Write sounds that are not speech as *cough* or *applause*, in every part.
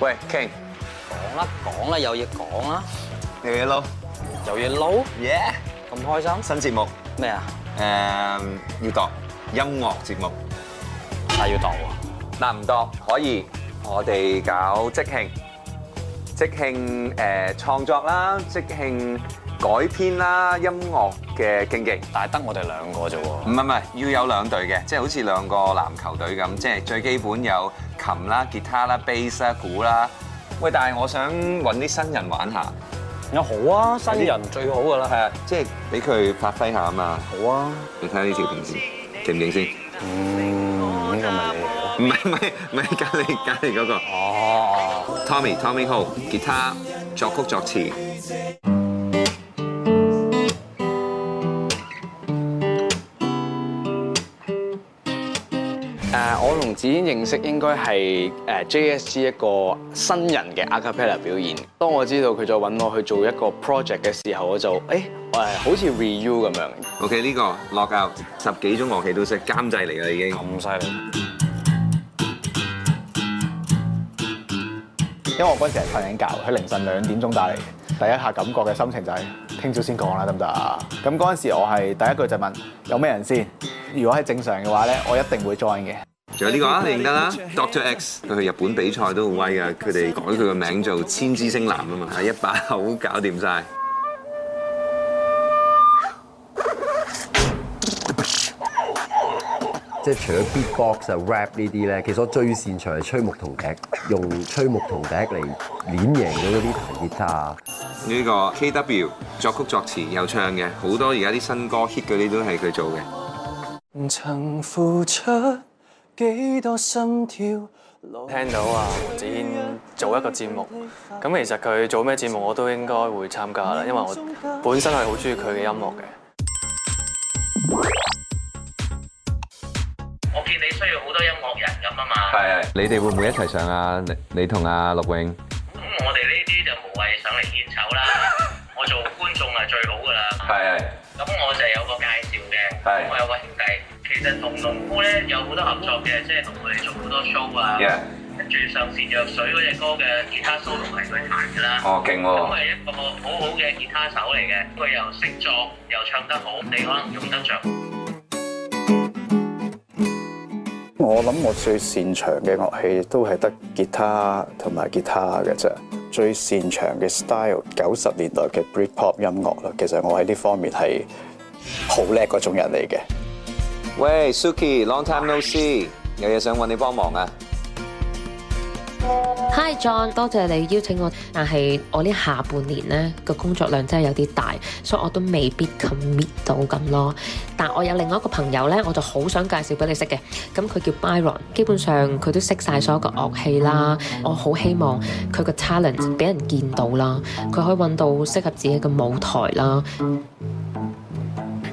喂，King 講啦，講啦，有嘢講啦，有嘢撈，有嘢撈，yeah，咁開心。新節目咩啊？誒要當音樂節目，係要當喎，但唔當可以，我哋搞即興，即興誒創作啦，即興。改編啦，音樂嘅競技，但係得我哋兩個啫喎。唔係唔係，要有兩隊嘅，即係好似兩個籃球隊咁，即係最基本有琴啦、吉他啦、bass 啦、鼓啦。喂，但係我想揾啲新人玩下。有好啊，新人最好噶啦，係啊，即係俾佢發揮下啊嘛。好啊，你睇下呢條片先，勁唔勁先？嗯，呢個咪你咯。唔係唔係唔係，隔離隔離嗰個。哦，Tommy Tommy Hope 吉他作曲作詞。首先認識應該係誒 J.S.G 一個新人嘅 a cappella 表演。當我知道佢再揾我去做一個 project 嘅時候，我就誒，我係好似 rehearsal 咁樣。O.K. 呢個 lockout 十幾種樂器都識，監製嚟㗎已經咁犀利。因為我嗰陣時係瞓緊覺，喺凌晨兩點鐘打嚟，第一下感覺嘅心情就係聽朝先講啦，得唔得？咁嗰陣時我係第一句就問有咩人先？如果係正常嘅話咧，我一定會 join 嘅。仲有呢個啊，你認得啦，Doctor X。佢去日本比賽都好威㗎，佢哋改佢個名做千姿星男啊嘛，係一把口搞掂晒。即係除咗 Beatbox 啊、rap 呢啲咧，其實我最擅長係吹牧童笛，用吹牧童笛嚟碾贏咗嗰啲彈吉他。呢個 KW 作曲作詞又唱嘅，好多而家啲新歌 hit 嗰啲都係佢做嘅。曾付出。幾多心跳？聽到啊，王梓軒做一個節目，咁其實佢做咩節目我都應該會參加啦，因為我本身係好中意佢嘅音樂嘅。我見你需要好多音樂人咁啊嘛。係。你哋會唔會一齊上啊？你同阿陸永。咁我哋呢啲就無謂上嚟獻醜啦，我做觀眾係最好噶啦。係係的。咁我就有個介紹嘅，我的有個兄弟。其實同農夫咧有好多合作嘅，即係同佢哋做好多 show 啊，跟住 Yeah. 上善若水嗰隻歌嘅吉他 solo 係佢彈嘅啦。哦、oh，勁喎！咁係一個好好嘅吉他手嚟嘅，佢又識作又唱得好，你可能用得着。我諗我最擅長嘅樂器都係得吉他同埋吉他嘅啫，最擅長嘅 style 九十年代嘅 britpop 音樂啦。其實我喺呢方面係好叻嗰種人嚟嘅。喂，Suki，long time no see，有嘢想揾你幫忙啊！Hi John，多謝你邀請我，但係我呢下半年呢個工作量真係有啲大，所以我都未必 commit 到咁咯。但我有另外一個朋友呢，我就好想介紹俾你識嘅。咁佢叫 Byron，基本上佢都識晒所有嘅樂器啦。我好希望佢個 talent 俾人見到啦，佢可以揾到適合自己嘅舞台啦。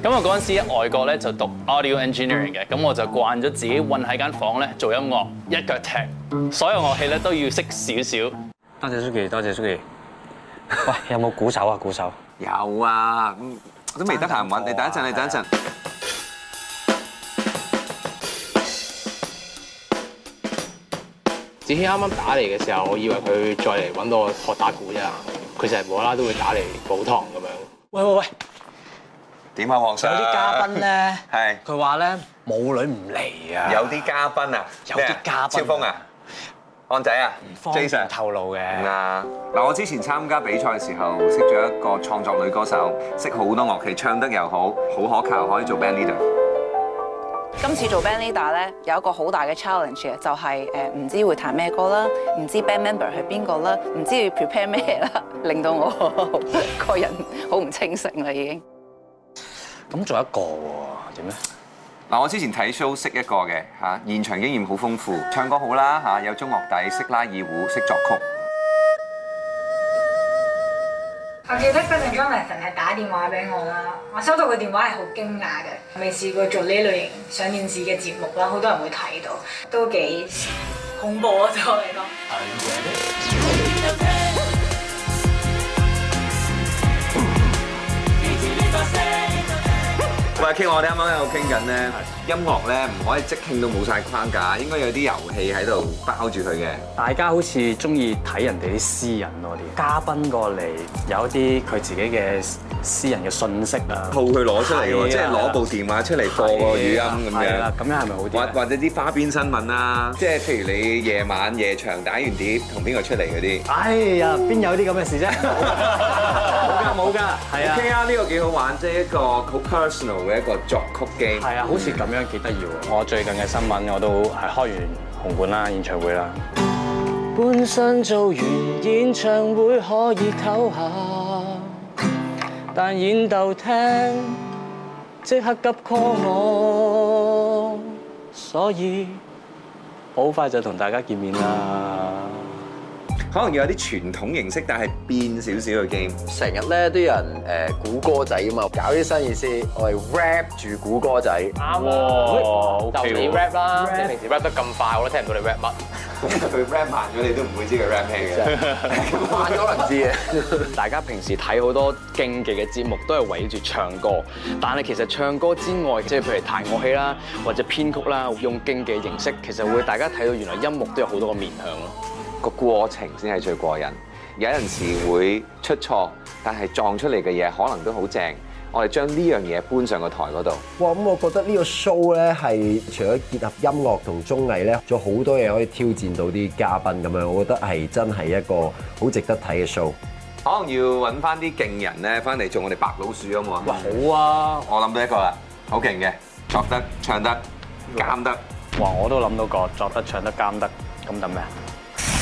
咁我嗰陣時喺外國咧就讀 audio engineering 嘅，咁我就慣咗自己韞喺間房咧做音樂，一腳踢，所有樂器咧都要識少少。多謝舒琪，多謝舒琪。喂，有冇鼓手啊？鼓手有啊，都未得閒揾你。等一陣，你等一陣。梓軒啱啱打嚟嘅時候，我以為佢再嚟揾我學打鼓啫，佢成日無啦啦都會打嚟補堂咁樣喂。喂喂喂！點啊，黃生！有啲嘉賓咧，係佢話咧，舞女唔嚟啊！有啲嘉賓啊，有啲嘉賓，超峰啊，安仔啊，唔方便透露嘅。嗱，嗱，我之前參加比賽嘅時候，識咗一個創作女歌手，識好多樂器，唱得又好，好可靠，可以做 band leader。今次做 band leader 咧，有一個好大嘅 challenge 嘅，就係誒唔知會彈咩歌啦，唔知 band member 係邊個啦，唔知要 prepare 咩啦，令到我個人好唔清醒啦已經。咁仲有一個喎，點咧？嗱，我之前睇 show 識一個嘅嚇，現場經驗好豐富，唱歌好啦嚇，有中樂底，識拉二胡，識作曲。我記得 Justin 係打電話俾我啦，我收到個電話係好驚訝嘅，未試過做呢類型上電視嘅節目啦，好多人會睇到，都幾恐怖啊！對我嚟講。傾我哋啱啱喺度傾緊咧，音樂咧唔可以即興到冇晒框架，應該有啲遊戲喺度包住佢嘅。大家好似中意睇人哋啲私人多啲。嘉賓過嚟有一啲佢自己嘅私人嘅信息啊，套佢攞出嚟喎，即係攞部電話出嚟播個語音咁樣是不是？係啦，咁樣係咪好啲？或或者啲花邊新聞啊？即係譬如你夜晚夜場打完碟同邊個出嚟嗰啲？哎呀，邊有啲咁嘅事啫？冇㗎， *laughs* 冇㗎。係啊的，OK 啊，呢個幾好玩，即係一個好 personal 嘅。一個作曲機，係啊，好似咁樣幾得意。我最近嘅新聞我都係開完紅館啦，演唱會啦。本身做完演唱會可以唞下，但演鬥聽即刻急 call 我，所以好快就同大家見面啦。可能要有啲傳統形式，但係變少少嘅 game。成日咧啲人誒估、呃、歌仔啊嘛，搞啲新意思。我係 rap 住估歌仔。啱啊，就你 rap 啦，即係平時 rap 得咁快，我都聽唔到你 rap 乜。佢 *laughs* rap 慢咗，你都唔會知佢 rap 咩嘅。慢咗，就係，可能 *laughs* 知嘅。 *laughs* 大家平時睇好多競技嘅節目，都係圍住唱歌。但係其實唱歌之外，即係譬如彈樂器啦，或者編曲啦，用競技形式，其實會大家睇到原來音樂都有好多個面向咯。個過程先係最過癮，有陣時會出錯，但係撞出嚟嘅嘢可能都好正。我哋將呢樣嘢搬上個台嗰度。哇！咁我覺得呢個 show 咧係除咗結合音樂同綜藝咧，仲好多嘢可以挑戰到啲嘉賓咁樣。我覺得係真係一個好值得睇嘅 show。可能要揾翻啲勁人咧，翻嚟做我哋白老鼠啊嘛。哇！好啊，我諗到一個啦，好勁嘅，作得、唱得、監得。哇！我都諗到個作得、唱得、監得，咁等咩啊？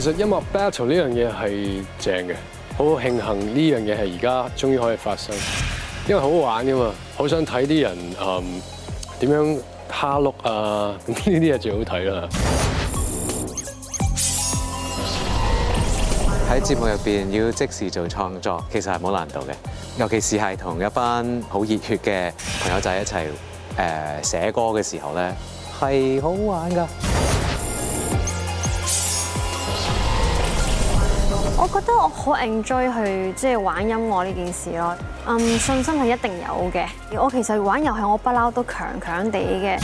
其實音樂 battle 呢樣嘢係正嘅，好好慶幸呢樣嘢係而家終於可以發生，因為好好玩噶嘛，好想睇啲人嗯、呃、點樣哈碌啊，呢啲嘢最好睇啦。喺節目入邊要即時做創作，其實係冇難度嘅，尤其是係同一班好熱血嘅朋友仔一齊誒寫歌嘅時候咧，係好玩噶。我覺得我好 enjoy 去即係玩音樂呢件事咯。嗯，信心係一定有嘅。我其實玩遊戲我不嬲都強強地嘅。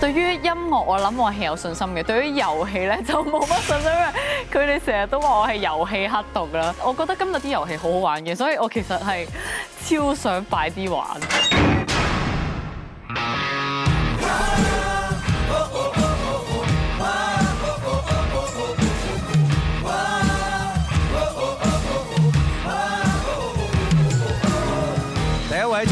對於音樂，我諗我係有信心嘅。對於遊戲咧，就冇乜信心啦。因為佢哋成日都話我係遊戲黑洞啦。我覺得今日啲遊戲好好玩嘅，所以我其實係超想快啲玩。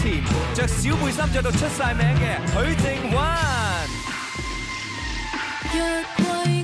甜，着小背心着到出晒名嘅許靖韻。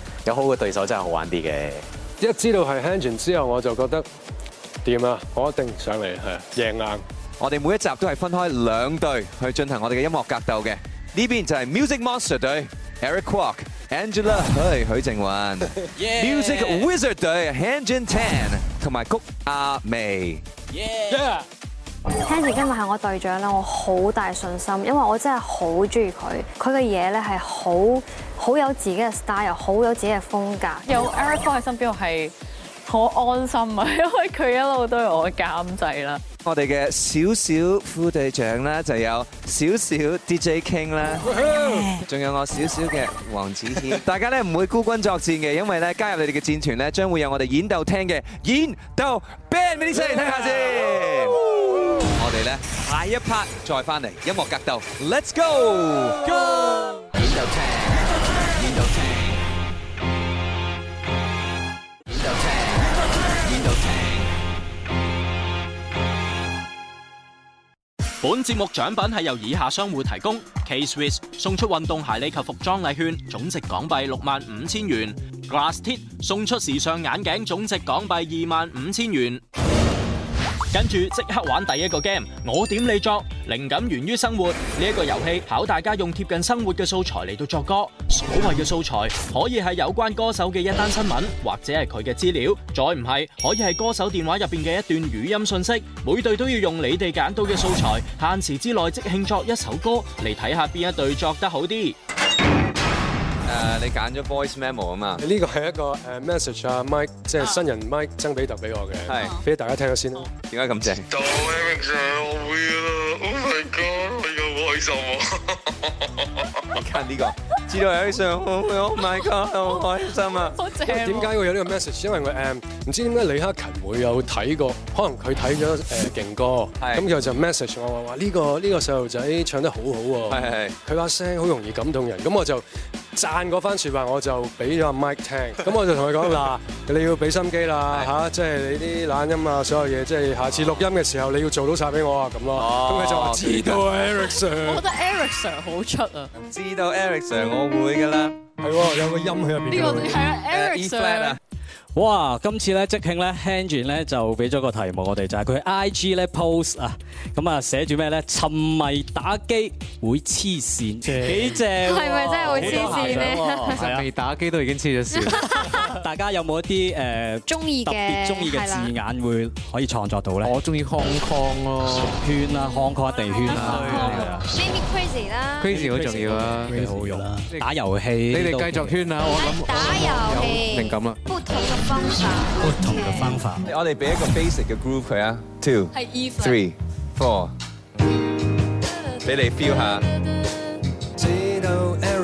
有好嘅對手真係好玩啲嘅。一知道係 Hanson 之後，我就覺得點啊？我一定上嚟係贏硬。我哋每一集都係分開兩隊去進行我哋嘅音樂格鬥嘅。呢邊就係 Music Monster 隊，Eric Kwok、Angela，唉，許靖韻。Music Wizard 隊 Hanson Chan 同埋谷婭溦。Hanson 今日係我隊長啦，我好大信心，因為我真係好中意佢，佢嘅嘢咧係好。好有自己嘅 style，又好有自己嘅風格，有 Eric 喺身邊我係好安心啊，因為佢一路都係我監製啦。我哋嘅小小副隊長啦，就有小小 DJ King 啦，仲有我小小嘅王梓軒。大家咧唔會孤軍作戰嘅，因為咧加入你哋嘅戰團咧，將會有我哋演鬥廳嘅演鬥 band 俾啲出嚟聽下先。我哋咧，下一 part，再翻嚟，音樂格鬥，Let's go！本節目獎品係由以下商戶提供：K-Swiss 送出運動鞋履及服裝禮券，總值港幣六萬五千元；Glass Tip 送出時尚眼鏡，總值港幣二萬五千元。跟住即刻玩第一個 game，我點你作，靈感源於生活呢一個遊戲考大家用貼近生活嘅素材嚟到作歌。所謂嘅素材可以係有關歌手嘅一單新聞，或者係佢嘅資料，再唔係可以係歌手電話入邊嘅一段語音信息。每隊都要用你哋揀到嘅素材，限時之內即興作一首歌，嚟睇下邊一隊作得好啲。誒，你揀咗 Voice Memo 啊嘛？呢個係一個誒 message 啊，Mike，即係新人 Mike 曾比特俾我嘅，係俾的大家聽下先咯。點解咁正？到黎明上我唔會 Oh my God，你個 voice 我，你呢個，知道黎明上 Oh my God，好開心啊、這個，好正。點解、啊棒啊、會有呢個 message？因為我誒唔知點解李克勤會有睇過，可能佢睇咗誒勁歌，咁佢是的 就 message 我話話呢個呢、這個細路仔唱得好好喎，係係，佢把聲好容易感動人，咁我就。讚嗰番説話我就俾咗阿 Mike 聽，咁我就同佢講嗱，你要俾心機啦嚇，即係你啲懶音啊，所有嘢即係下次錄音嘅時候你要做到曬俾我啊咁咯，咁佢就話知道 Eric sir，我覺得 Eric sir 好出啊，知道 Eric sir 我會㗎啦，係喎有個音喺入邊。呢個係 Eric sir。哇！今次咧即興咧，Henry 咧就俾咗個題目我哋，就係佢 IG 咧 post 啊，咁啊寫住咩咧？沉迷打機會黐線，幾正？係咪真係會黐線咧？沉迷對了 打機都已經黐咗線。大家有冇一啲中意嘅特別中意嘅字眼會可以創作到咧？我中意 Hong Kong 咯圈啦，Hong Kong 地圈啦，係啊，make me crazy 啦，crazy 好重要啊，好用。打遊戲，你哋繼續圈啦，我諗。打遊戲，靈感啊，不同嘅方法，不同嘅方法。我哋俾一個 basic 嘅 group 佢啊，two，three，four，俾你 feel 下。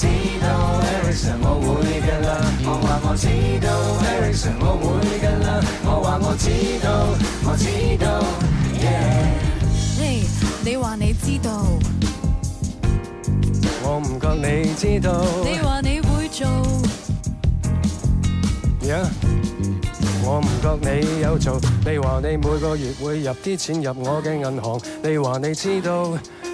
知道，Erica，我會㗎喇。我話我知道，Erica，我會㗎喇。我話我知道，我知道。嘿、yeah，hey, 你話你知道？我唔覺你知道。你話你會做？呀，我唔覺你有做。你話你每個月會入啲錢入我嘅銀行？你話你知道？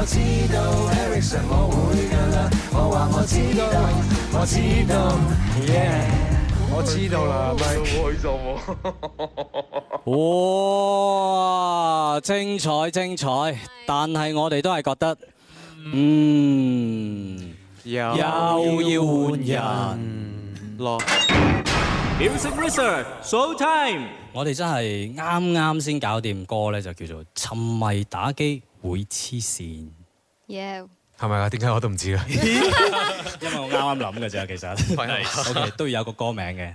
我知道，Ericson，我會噶啦。我話我知道，我知道。我知道啦，唔好開心喎、啊。 *laughs* 哇，精彩精彩！的但係我哋都係覺得，對嗯，又有要換人有要換人咯。Music Wizard Showtime！我哋真係啱啱先搞掂歌咧，就叫做沉迷打機會黐線，係咪啊？點解我都唔知啊？因為我啱啱諗㗎咋，其實，都要有個歌名嘅。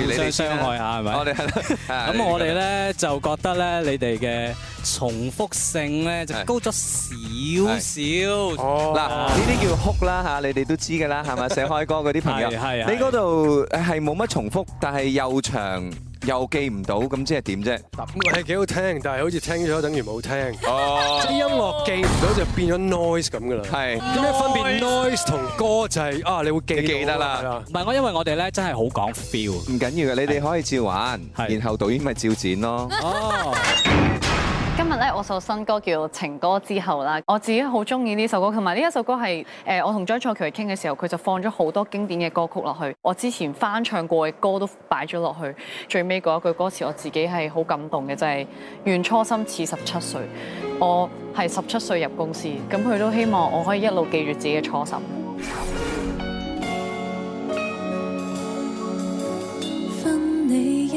互相傷害一下係咪？是我哋係啦。咁 *laughs* *laughs* 我哋咧 *laughs* 就覺得咧，你哋嘅重複性咧就高咗少少。哦，嗱，呢、oh. 啲叫 Hook 啦嚇，你哋都知㗎啦，係咪？ *laughs* 寫開歌嗰啲朋友，係啊。 *laughs* 是是你嗰度係冇乜重複，但係又長。又記唔到，咁即係點啫？係幾好聽，但係好似聽咗等於冇聽。哦，啲音樂記唔到就變咗 noise 咁噶啦。係。有咩分別？noise 同歌就係啊，你會記你記得啦。唔係，我因為我哋咧真係好講 feel。唔緊要嘅，你哋可以照玩，然後導演咪照剪咯。Oh. 今日咧，我首新歌叫《情歌之後》啦。我自己好中意呢首歌，同埋呢一首歌係誒，我同張翠琪傾嘅時候，佢就放咗好多經典嘅歌曲落去。我之前翻唱過嘅歌都擺咗落去。最尾嗰一句歌詞，我自己係好感動嘅，就係願初心似十七歲。我係十七歲入公司，咁佢都希望我可以一路記住自己嘅初心。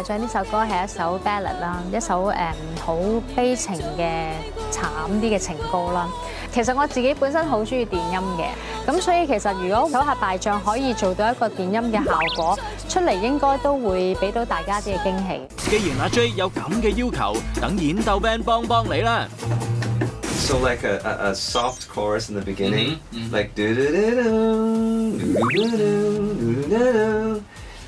《敗將》呢首歌係一首 ballad 啦，一首誒唔好悲情嘅慘啲嘅情歌啦。其實我自己本身好中意電音嘅，咁所以其實如果《手下敗將》可以做到一個電音嘅效果出嚟，應該都會俾到大家啲嘅驚喜。既然阿 J 有咁嘅要求，等演奏 band 幫幫你啦。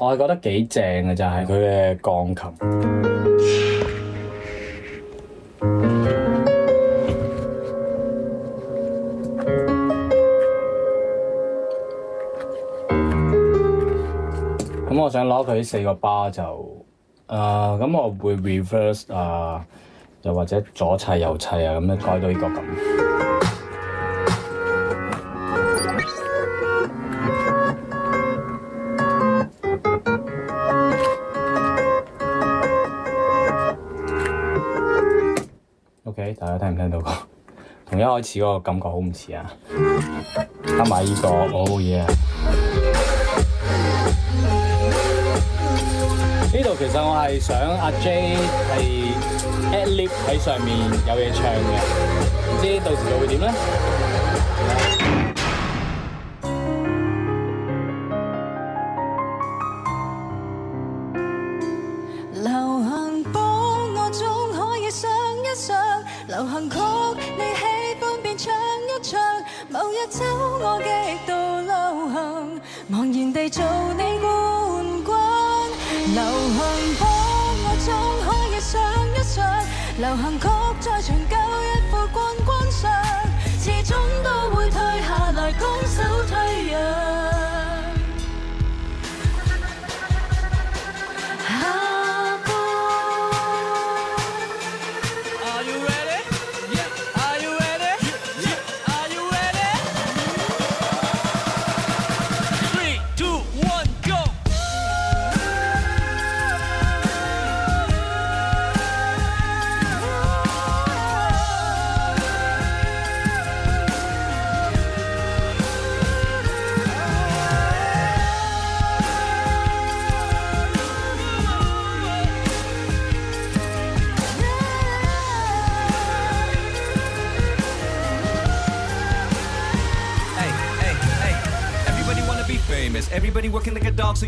我係覺得幾正嘅就係佢嘅鋼琴。咁我想攞佢四個巴就，誒、啊、咁我會 reverse 啊，又或者左砌右砌啊，咁、嗯、樣改到呢個咁。開始嗰個感覺好唔似啊！加埋呢個，oh yeah！呢度其實我係想阿 J 係 ad lib 喺上面有嘢唱嘅，唔知到時又會點咧？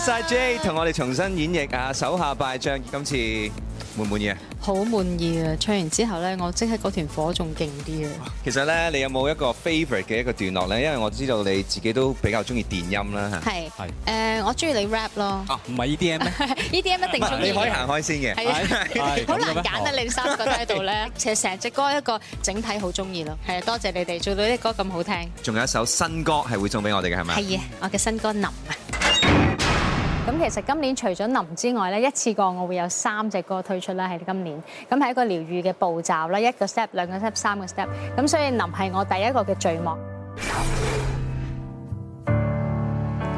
多謝晒 J 同我哋重新演繹啊，手下敗將，今次滿唔滿意啊？好滿意啊！唱完之後咧，我即係嗰團火仲勁啲啊！其實咧，你有冇一個 favorite 嘅一個段落咧？因為我知道你自己都比較中意電音啦。係係誒，我中意你 rap 咯。啊，唔係 E D M 咩？E D M 一定中意。你可以行開先嘅。係啊，好難揀啊！你哋三個喺度咧，其實成隻歌一個整體好中意咯。係啊，多謝你哋做到啲歌咁好聽。仲有一首新歌係會送俾我哋嘅係咪？係啊，我嘅新歌《淋》。咁其實今年除咗林之外咧，一次過我會有三隻歌推出啦，喺今年。咁係一個療愈嘅步驟啦，一個 step，兩個 step，三個 step。咁所以林係我第一個嘅序幕。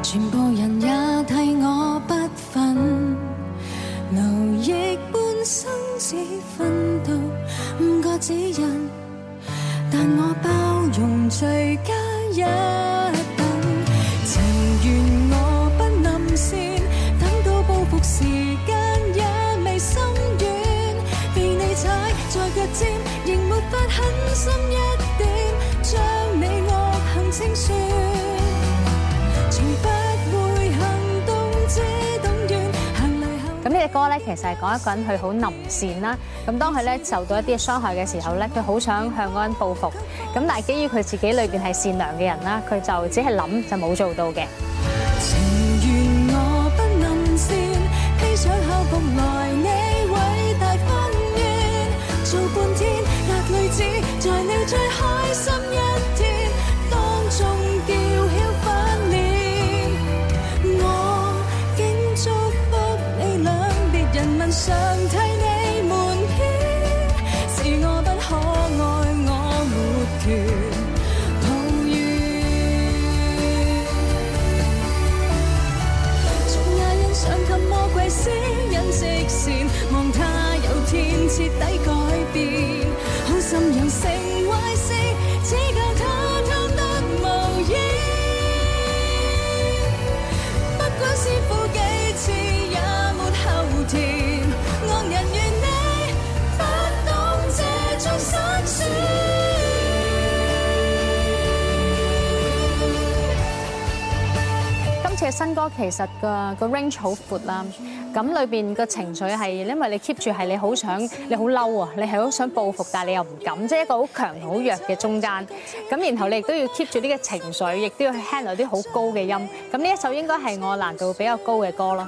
全部人也替我不忿，勞役半生只奮鬥，五個指引，但我包容最佳人。咁呢隻歌咧，其實係講一個人佢好仁善啦。咁當佢咧受到一啲傷害嘅時候咧，佢好想向嗰個人報復。咁但係基於佢自己裏邊係善良嘅人啦，佢就只係諗就冇做到嘅。新歌其實個個 range 好闊啦，咁裏邊個情緒係因為你 keep 住係你好想你好嬲啊，你係好想報復，但係你又唔敢，即係一個好強好弱嘅中間。咁然後你亦都要 keep 住呢個情緒，亦都要 handle 啲好高嘅音。咁呢一首應該係我難度比較高嘅歌咯。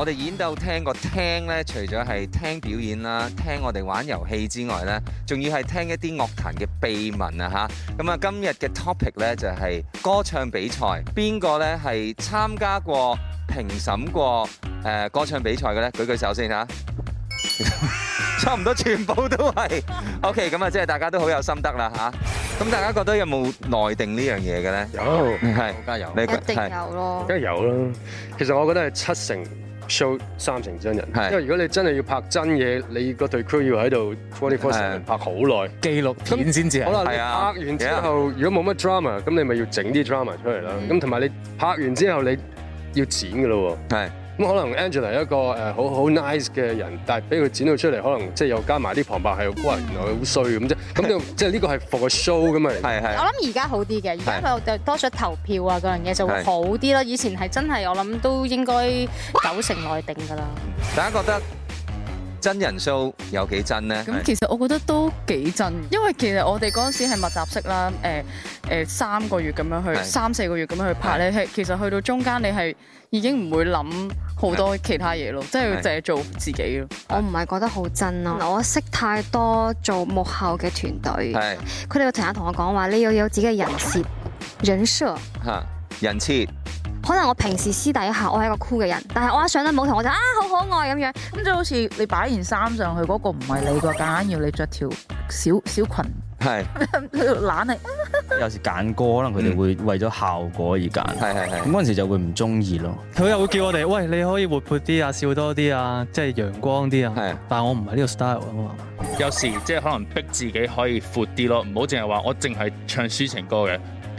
我哋演鬥廳個聽咧，除咗係聽表演啦，聽我哋玩遊戲之外咧，仲要係聽一啲樂壇嘅秘聞啊！吓，咁啊，今日嘅 topic 咧就係歌唱比賽，邊個咧係參加過、評審過誒歌唱比賽嘅咧？舉舉手先吓，啊、 *laughs* 差唔多全部都係。OK，咁啊，即係大家都好有心得啦吓，咁、啊、大家覺得有冇內定呢樣嘢嘅咧？有，是加係，你說一定有咯，梗係是有啦。其實我覺得係七成，show 三成真人，是因為如果你真係要拍真嘢，你個隊 crew 要喺度 twenty four seven< 的>拍好耐，記錄片先至係。係啊，好的你拍完之後，的如果冇乜 drama，咁你咪要整啲 drama 出嚟啦。咁同埋你拍完之後，你要剪㗎咯喎。的咁可能 Angela 一個誒好好 nice 嘅人，但係俾佢剪到出嚟，可能即係又加埋啲旁白係哇，原來佢好衰咁啫。咁就即係呢個係 for show 咁啊嚟嘅。係係。我諗而家好啲嘅，而家佢就多咗投票啊嗰樣嘢就會好啲啦。以前係真係我諗都應該九成內定㗎啦。大家覺得？真人 show 有幾真呢？咁其實我覺得都幾真，是因為其實我哋嗰陣時係密集式啦，誒、呃、誒、呃、三個月咁樣去，是三四個月咁樣去拍咧，係是其實去到中間你係已經唔會諗好多其他嘢咯，是即係凈係做自己咯是。我唔係覺得好真咯，我識太多做幕後嘅團隊，佢哋嘅朋友同我講話，你要有，有自己嘅人設、人設吓、人設。人設。可能我平時私底下我係一個酷嘅人，但係我一上到舞台我就啊好可愛咁樣，咁就好似你擺完衫上去嗰個唔係你㗎，硬要你着條小小裙，係懶你。有時揀歌可能佢哋會為咗效果而揀，係係係。咁嗰陣時就會唔中意咯。佢又會叫我哋喂，你可以活潑啲啊，笑多啲啊，即係陽光啲啊。係。但係我唔係呢個 style 啊嘛。有時即係可能逼自己可以闊啲咯，唔好淨係話我淨係唱抒情歌嘅。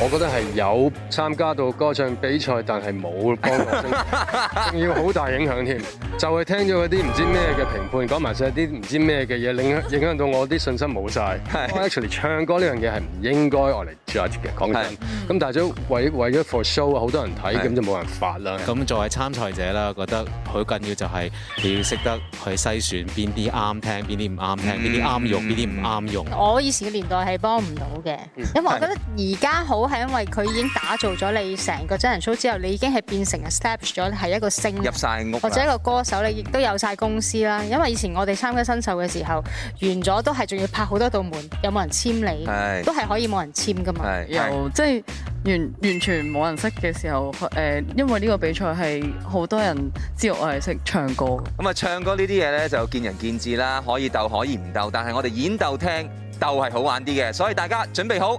我覺得係有參加到歌唱比賽，但係冇幫我升級，仲要好大影響添。 *laughs* 就係聽咗嗰啲唔知咩嘅評判講埋晒啲唔知咩嘅嘢，影響影響到我啲信心冇晒。Actually，是唱歌呢樣嘢係唔應該我嚟 judge 嘅。講真，咁是大咗為為咗 for show，好多人睇，咁是就冇人發啦。咁作為參賽者啦，覺得好緊要就係你要識得去篩選邊啲啱聽，邊啲唔啱聽，邊啲啱用，邊啲唔啱用。我以前嘅年代係幫唔到嘅，嗯、因為我覺得而家好。好係因為佢已經打造咗你成個真人 show 之後，你已經係變成 establish 咗係一個聲入晒屋，或者一個歌手咧，亦都有晒公司啦。因為以前我哋參加新秀嘅時候，完咗都係仲要拍好多道門，有冇人簽你，都係可以冇人簽噶嘛。又即係完完全冇人識嘅時候，誒，因為呢個比賽係好多人知道我係識唱歌。咁啊，唱歌呢啲嘢咧，就見仁見智啦，可以鬥可以唔鬥，但係我哋演鬥聽鬥係好玩啲嘅，所以大家準備好。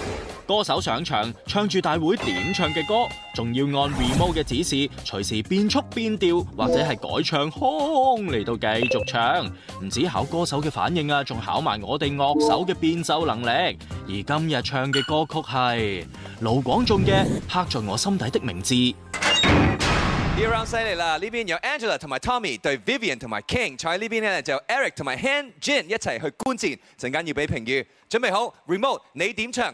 歌手上場唱住大會點唱嘅歌，仲要按 remote 嘅指示，隨時變速變調或者係改唱腔嚟到繼續唱。唔止考歌手嘅反應啊，仲考埋我哋樂手嘅變奏能力。而今日唱嘅歌曲係盧廣仲嘅《刻在我心底的名字》。呢一 round 犀利啦！呢邊有 Angela 同埋 Tommy 對 Vivian 同埋 King，坐喺呢邊呢就有 Eric 同埋 Han Jin 一齊去觀戰。陣間要俾評語，準備好 remote，你點唱？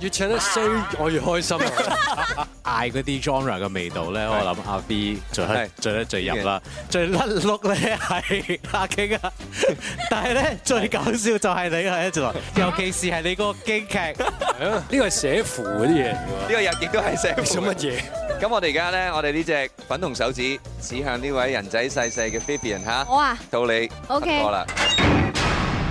越唱得衰，我越開心。嗌嗰啲 genre 嘅味道咧，我諗阿 B 最係最叻最入啦，最甩碌咧係阿 k i 啊！但係咧最搞笑就係你係一直來，尤其是係你個驚劇。呢個係寫符嗰啲人呢個日亦都係寫做乜嘢？咁我哋而家咧，我哋呢隻粉紅手指指向呢位人仔細細嘅 Fabian 嚇，到你 OK。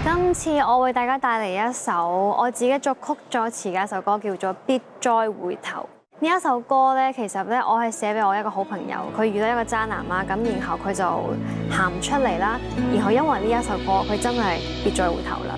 今次我為大家帶嚟一首我自己作曲作詞嘅一首歌，叫做《別再回頭》。呢一首歌咧，其實咧，我係寫俾我一個好朋友，佢遇到一個渣男啦，咁然後佢就行唔出嚟啦，然後因為呢一首歌，佢真係別再回頭啦。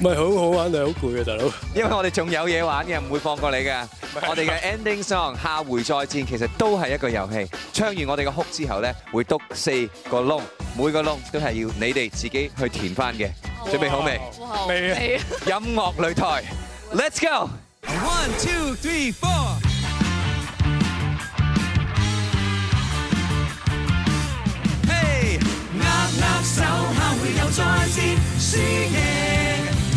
唔係好好玩，係好攰啊，大佬！因為我哋仲有嘢玩嘅，唔會放過你嘅。我哋嘅 ending song，下回再戰，其實都係一個遊戲。唱完我哋嘅曲之後咧，會篤四個窿，每個窿都係要你哋自己去填翻嘅。準備好未？未啊！音樂擂台，Let's go！One two three four！Hey！握握手，下回又再戰，輸贏。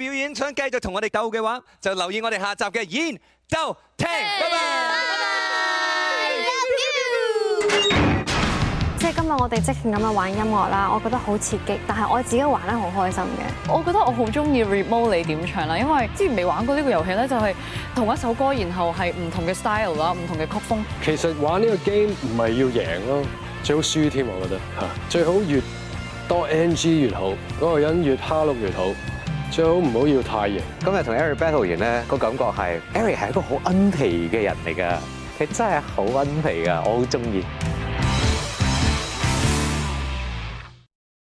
表演想繼續同我哋鬥嘅話，就留意我哋下集嘅演鬥聽。拜拜！即係今日我哋即興咁樣玩音樂啦，我覺得好刺激，但係我自己玩得好開心嘅。我覺得我好中意 Remote 你點唱啦，因為之前未玩過呢個遊戲咧，就係同一首歌，然後係唔同嘅 style 啦，唔同嘅曲風。其實玩呢個 game 唔係要贏咯，最好輸添，我覺得嚇，最好越多 NG 越好，嗰、嗰個人越哈碌越好。最好唔好要太型。今日同 Eric battle 完咧，個感覺係 Eric 係一個好恩皮嘅人嚟㗎，佢真係好恩皮㗎，我好中意。